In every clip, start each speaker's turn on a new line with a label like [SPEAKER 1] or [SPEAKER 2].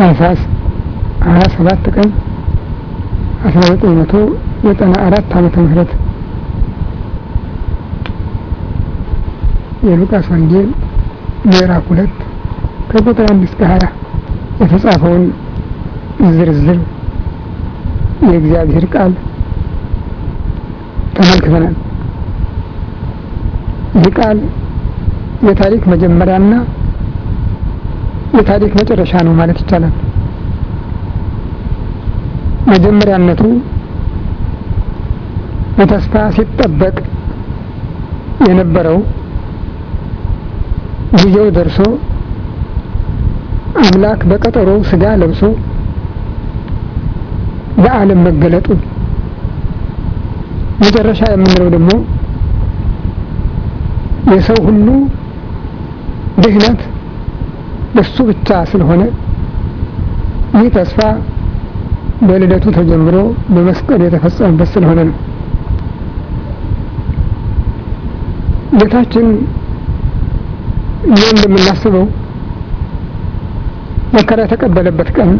[SPEAKER 1] ታህሳስ 27 ቀን 1994 ዓመተ ምህረት የሉቃስ ወንጌል ምዕራፍ ሁለት ከቁጥር አንድ እስከ ሀያ የተጻፈውን ዝርዝር የእግዚአብሔር ቃል ተመልክተናል። ይህ ቃል የታሪክ መጀመሪያና የታሪክ መጨረሻ ነው ማለት ይቻላል። መጀመሪያነቱ በተስፋ ሲጠበቅ የነበረው ጊዜው ደርሶ አምላክ በቀጠሮ ስጋ ለብሶ ለዓለም መገለጡ፣ መጨረሻ የምንለው ደግሞ የሰው ሁሉ ድህነት በሱ ብቻ ስለሆነ ይህ ተስፋ በልደቱ ተጀምሮ በመስቀል የተፈጸመበት ስለሆነ ነው። ጌታችን ይህ እንደምናስበው መከራ የተቀበለበት ቀን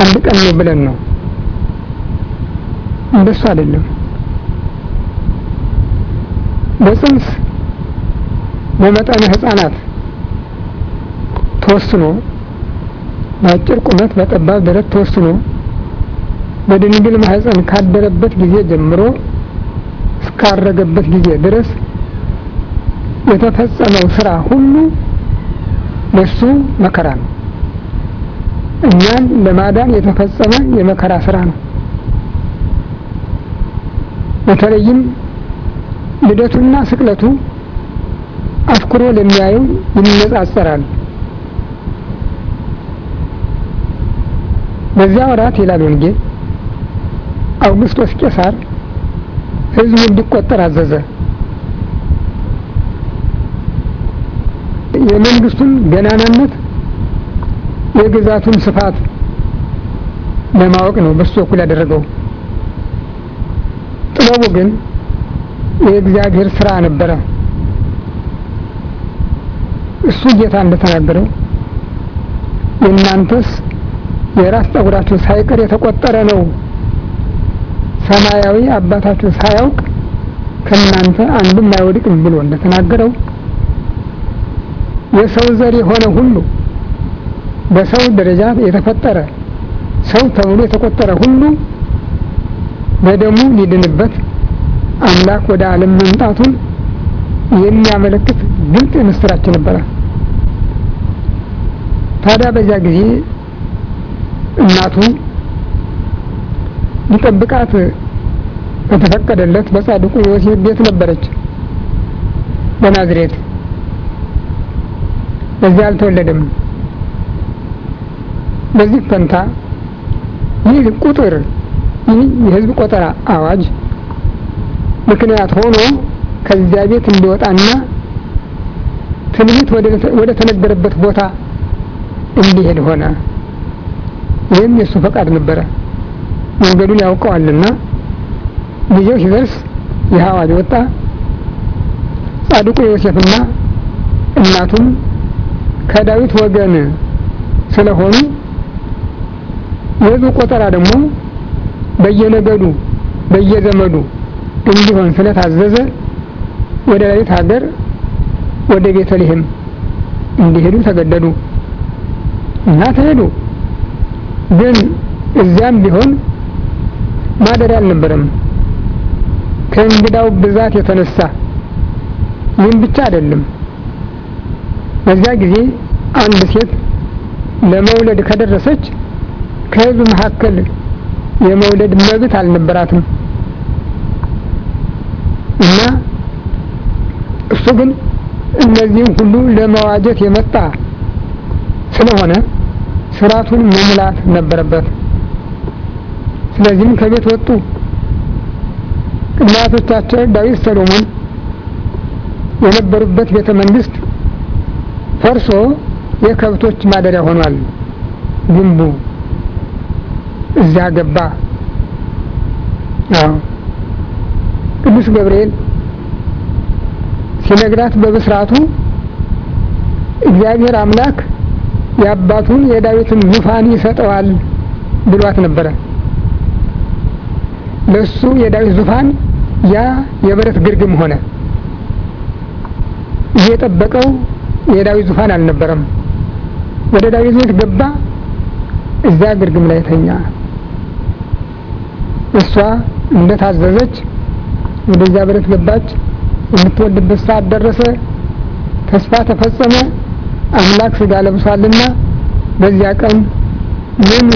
[SPEAKER 1] አንድ ቀን ነው ብለን ነው። እንደሱ አይደለም። በጽንስ በመጠን ህፃናት ተወስኖ በአጭር ቁመት በጠባብ ደረት ተወስኖ በድንግል ማህፀን ካደረበት ጊዜ ጀምሮ እስካረገበት ጊዜ ድረስ የተፈጸመው ስራ ሁሉ ለሱ መከራ ነው። እኛን ለማዳን የተፈጸመ የመከራ ስራ ነው። በተለይም ልደቱና ስቅለቱ አትኩሮ ለሚያዩ ይነጻጸራል። በዚያ ወራት ይላል ወንጌል አውግስጦስ ቄሳር ህዝቡ እንዲቆጠር አዘዘ። የመንግስቱን ገናናነት የግዛቱን ስፋት ለማወቅ ነው በሱ በኩል ያደረገው። ጥበቡ ግን የእግዚአብሔር ስራ ነበረ። እሱ ጌታ እንደተናገረው የእናንተስ የራስ ጠጉራችሁ ሳይቀር የተቆጠረ ነው። ሰማያዊ አባታችሁ ሳያውቅ ከእናንተ አንዱም አይወድቅም ብሎ እንደተናገረው የሰው ዘር የሆነ ሁሉ በሰው ደረጃ የተፈጠረ ሰው ተብሎ የተቆጠረ ሁሉ በደሙ ሊድንበት አምላክ ወደ ዓለም መምጣቱን የሚያመለክት ግልጽ ምስራች ነበረ። ታዲያ በዚያ ጊዜ እናቱ ሊጠብቃት በተፈቀደለት በጻድቁ ዮሴፍ ቤት ነበረች በናዝሬት። በዚያ አልተወለደም። በዚህ ፈንታ ይህ ቁጥር ይህ የህዝብ ቆጠራ አዋጅ ምክንያት ሆኖ ከዚያ ቤት እንዲወጣና ትንቢት ወደ ተነገረበት ቦታ እንዲሄድ ሆነ። ይህም የእሱ ፈቃድ ነበረ። መንገዱን ያውቀዋልና ጊዜው ሲደርስ ይህ አዋጅ ወጣ። ጻድቁ ዮሴፍና እናቱም ከዳዊት ወገን ስለሆኑ የህዝቡ ቆጠራ ደግሞ በየነገዱ በየዘመዱ እንዲሆን ስለታዘዘ ወደ ዳዊት ሀገር ወደ ቤተልሔም እንዲሄዱ ተገደዱ እና ተሄዱ። ግን እዚያም ቢሆን ማደሪያ አልነበረም ከእንግዳው ብዛት የተነሳ ይህም ብቻ አይደለም በዚያ ጊዜ አንድ ሴት ለመውለድ ከደረሰች ከህዝብ መካከል የመውለድ መብት አልነበራትም እና እሱ ግን እነዚህም ሁሉ ለመዋጀት የመጣ ስለሆነ ስርዓቱን መሙላት ነበረበት ስለዚህም ከቤት ወጡ እናቶቻቸው ዳዊት ሰሎሞን የነበሩበት ቤተ መንግስት ፈርሶ የከብቶች ማደሪያ ሆኗል ግንቡ እዚያ ገባ አዎ ቅዱስ ገብርኤል ሲነግራት በብስራቱ እግዚአብሔር አምላክ የአባቱን የዳዊትን ዙፋን ይሰጠዋል ብሏት ነበረ። ለሱ የዳዊት ዙፋን ያ የብረት ግርግም ሆነ። የጠበቀው የዳዊት ዙፋን አልነበረም። ወደ ዳዊት ቤት ገባ፣ እዛ ግርግም ላይ ተኛ። እሷ እንደታዘዘች ወደዚያ ብረት ገባች። የምትወልድበት ሰዓት ደረሰ። ተስፋ ተፈጸመ። አምላክ ስጋ ለብሷልና በዚያ ቀን ምን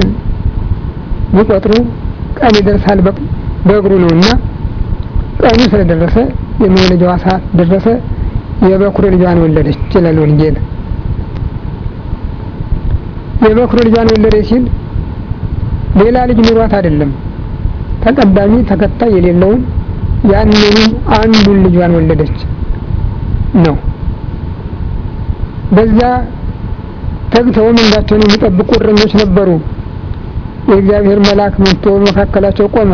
[SPEAKER 1] ቢቆጥሩ ቀን ይደርሳል በእግሩ ነውና ቀኑ ስለደረሰ የመወለጃዋ ሰዓት ደረሰ የበኩር ልጇን ወለደች ይላል ወንጌል የበኩር ልጇን ወለደች ሲል ሌላ ልጅ ኑሯት አይደለም ተቀዳሚ ተከታይ የሌለውን ያንኑ አንዱን ልጇን ወለደች ነው በዛ ተግተውም እንዳትሆን የሚጠብቁ እረኞች ነበሩ። የእግዚአብሔር መልአክ መጥቶ መካከላቸው ቆመ።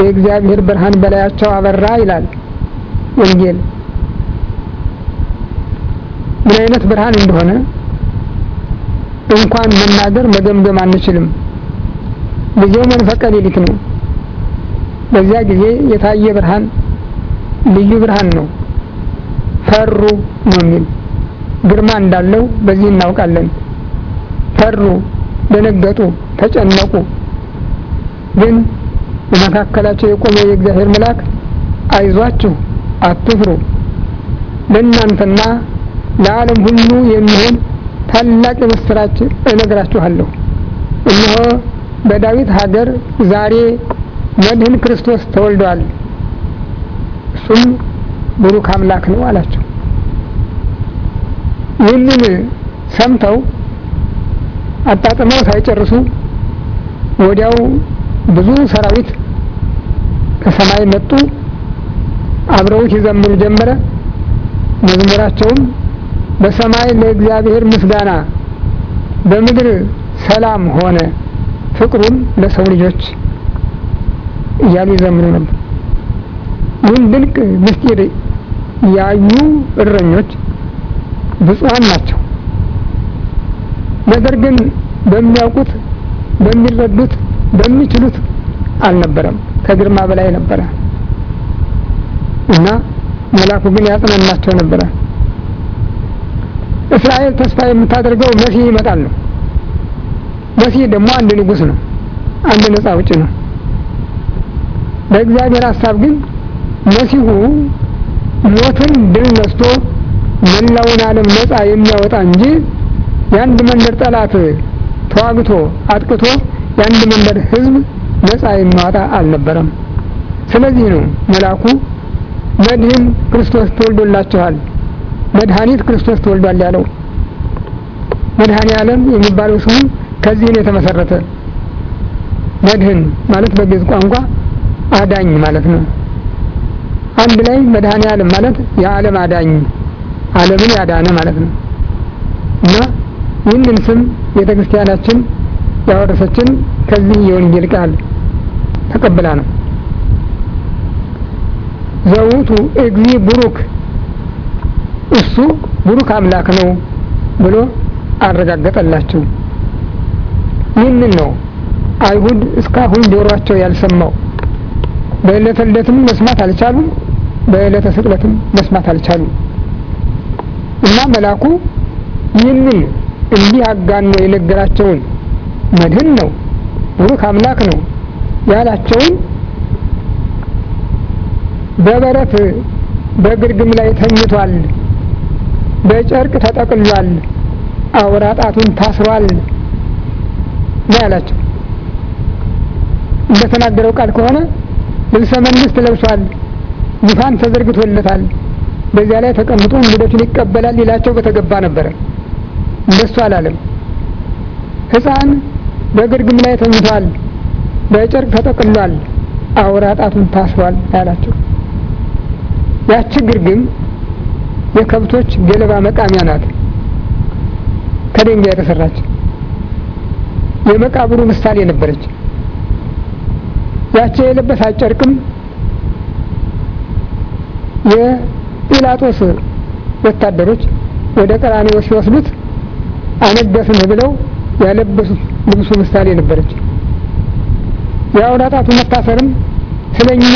[SPEAKER 1] የእግዚአብሔር ብርሃን በላያቸው አበራ ይላል ወንጌል። ምን አይነት ብርሃን እንደሆነ እንኳን መናገር መገምገም አንችልም። ጊዜው መንፈቀ ሌሊት ነው። በዚያ ጊዜ የታየ ብርሃን ልዩ ብርሃን ነው። ፈሩ ነው የሚል ግርማ እንዳለው በዚህ እናውቃለን። ፈሩ፣ ደነገጡ፣ ተጨነቁ። ግን በመካከላቸው የቆመ የእግዚአብሔር መልአክ አይዟችሁ፣ አትፍሩ፣ ለእናንተና ለዓለም ሁሉ የሚሆን ታላቅ የምስራች እነግራችኋለሁ። እነሆ በዳዊት ሀገር ዛሬ መድህን ክርስቶስ ተወልዷል፣ እሱም ብሩክ አምላክ ነው አላቸው። ይህንን ሰምተው አጣጥመው ሳይጨርሱ ወዲያው ብዙ ሰራዊት ከሰማይ መጡ። አብረውት ይዘምሩ ጀመረ። መዝሙራቸውም በሰማይ ለእግዚአብሔር ምስጋና፣ በምድር ሰላም ሆነ፣ ፍቅሩን ለሰው ልጆች እያሉ ይዘምሩ ነበር። ይህን ድንቅ ምስጢር ያዩ እረኞች ብፁዓን ናቸው ነገር ግን በሚያውቁት በሚረዱት በሚችሉት አልነበረም ከግርማ በላይ ነበረ እና መላኩ ግን ያጽናናቸው ነበረ እስራኤል ተስፋ የምታደርገው መሲህ ይመጣል ነው መሲህ ደግሞ አንድ ንጉስ ነው አንድ ነፃ ውጭ ነው በእግዚአብሔር ሀሳብ ግን መሲሁ ሞትን ድል ነስቶ መላውን ዓለም ነፃ የሚያወጣ እንጂ የአንድ መንደር ጠላት ተዋግቶ አጥቅቶ የአንድ መንደር ህዝብ ነፃ የሚያወጣ አልነበረም። ስለዚህ ነው መልአኩ መድህን ክርስቶስ ተወልዶላችኋል፣ መድኃኒት ክርስቶስ ተወልዷል ያለው። መድኃኔ ዓለም የሚባለው ስሙ ከዚህ ነው የተመሰረተ። መድህን ማለት በግዕዝ ቋንቋ አዳኝ ማለት ነው። አንድ ላይ መድኃኔ ዓለም ማለት የዓለም አዳኝ ዓለምን ያዳነ ማለት ነው እና ይህንን ስም ቤተ ክርስቲያናችን ያወረሰችን ከዚህ የወንጌል ቃል ተቀብላ ነው ዘውቱ እግዚ ቡሩክ እሱ ቡሩክ አምላክ ነው ብሎ አረጋገጠላቸው ይህንን ነው አይሁድ እስካሁን ጆሯቸው ያልሰማው በእለተ ልደትም መስማት አልቻሉም በእለተ ስቅለትም መስማት አልቻሉም እና መላኩ ይህንን እንዲህ አጋኖ የነገራቸውን መድህን ነው ቡሩክ አምላክ ነው ያላቸውን በበረት በግርግም ላይ ተኝቷል፣ በጨርቅ ተጠቅሏል፣ አውራ ጣቱን ታስሯል ነው ያላቸው። እንደተናገረው ቃል ከሆነ ልብሰ መንግስት ለብሷል፣ ዙፋን ተዘርግቶለታል በዚያ ላይ ተቀምጦ እንግዶችን ይቀበላል ሊላቸው በተገባ ነበረ እንደሱ አላለም ህፃን በግርግም ላይ ተኝቷል በጨርቅ ተጠቅሏል አውራ ጣቱን ታስሯል ያላቸው ያቺ ግርግም የከብቶች ገለባ መቃሚያ ናት ከድንጋይ የተሰራች የመቃብሩ ምሳሌ ነበረች ያቺ የለበሳት ጨርቅም ጲላጦስ ወታደሮች ወደ ቀራንዮ ሲወስዱት አነገስን ብለው ያለበሱት ልብሱ ምሳሌ ነበረች። ጣቱ መታሰርም ስለኛ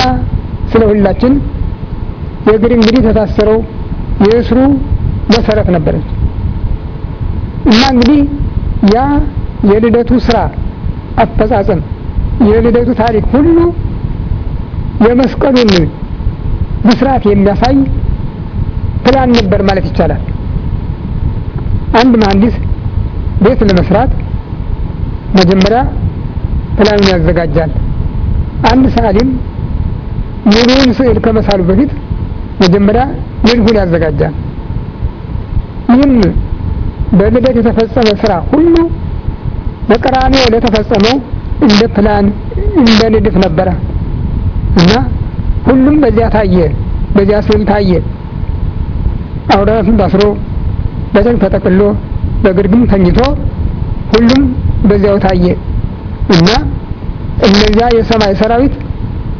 [SPEAKER 1] ስለ ሁላችን የእግር እንግዲህ ተታሰረው የእስሩ መሰረት ነበረች እና እንግዲህ ያ የልደቱ ስራ አፈጻጸም የልደቱ ታሪክ ሁሉ የመስቀሉን ብስራት የሚያሳይ ፕላን ነበር ማለት ይቻላል። አንድ መሀንዲስ ቤት ለመስራት መጀመሪያ ፕላኑን ያዘጋጃል። አንድ ሰዓሊም ሙሉውን ስዕል ከመሳሉ በፊት መጀመሪያ ንድፉን ያዘጋጃል። ይህም በልደት የተፈጸመ ስራ ሁሉ በቀራንዮ ለተፈጸመው እንደ ፕላን እንደ ንድፍ ነበረ እና ሁሉም በዚያ ታየ፣ በዚያ ስዕል ታየ አውራሱን ታስሮ በጨርቅ ተጠቅሎ በግርግም ተኝቶ ሁሉም በዚያው ታየ እና እነዚያ የሰማይ ሰራዊት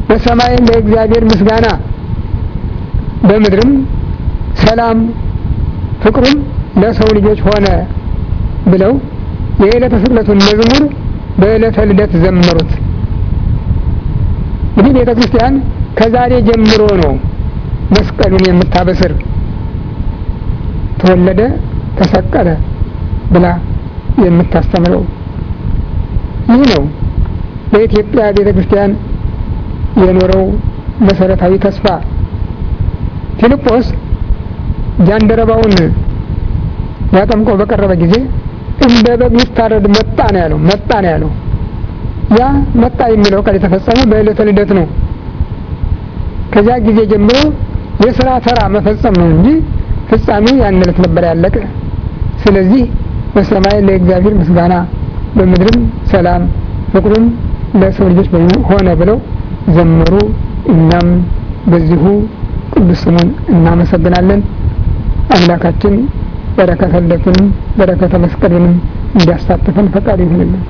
[SPEAKER 1] በሰማይ ለእግዚአብሔር ምስጋና በምድርም ሰላም ፍቅሩም ለሰው ልጆች ሆነ ብለው የዕለተ ስቅለቱን መዝሙር በዕለተ ልደት ዘመሩት። እንግዲህ ቤተ ክርስቲያን ከዛሬ ጀምሮ ነው መስቀሉን የምታበስር። ተወለደ ተሰቀለ ብላ የምታስተምረው ይህ ነው በኢትዮጵያ ቤተ ክርስቲያን የኖረው መሰረታዊ ተስፋ ፊልጶስ ጃንደረባውን ያጠምቀው በቀረበ ጊዜ እንደ በግ ይታረድ መጣ ነው ያለው መጣ ነው ያለው ያ መጣ የሚለው ቃል የተፈጸመው በዕለተ ልደት ነው ከዚያ ጊዜ ጀምሮ የስራ ተራ መፈጸም ነው እንጂ ፍጻሜው ያን ዕለት ነበር ያለቀ። ስለዚህ በሰማይ ለእግዚአብሔር ምስጋና በምድርም ሰላም ፍቅሩም ለሰው ልጆች ሆነ ብለው ዘመሩ። እኛም በዚሁ ቅዱስ ስሙን እናመሰግናለን። አምላካችን በረከተ ልደቱንም በረከተ መስቀልንም እንዲያሳትፈን ፈቃድ ይሁንልን።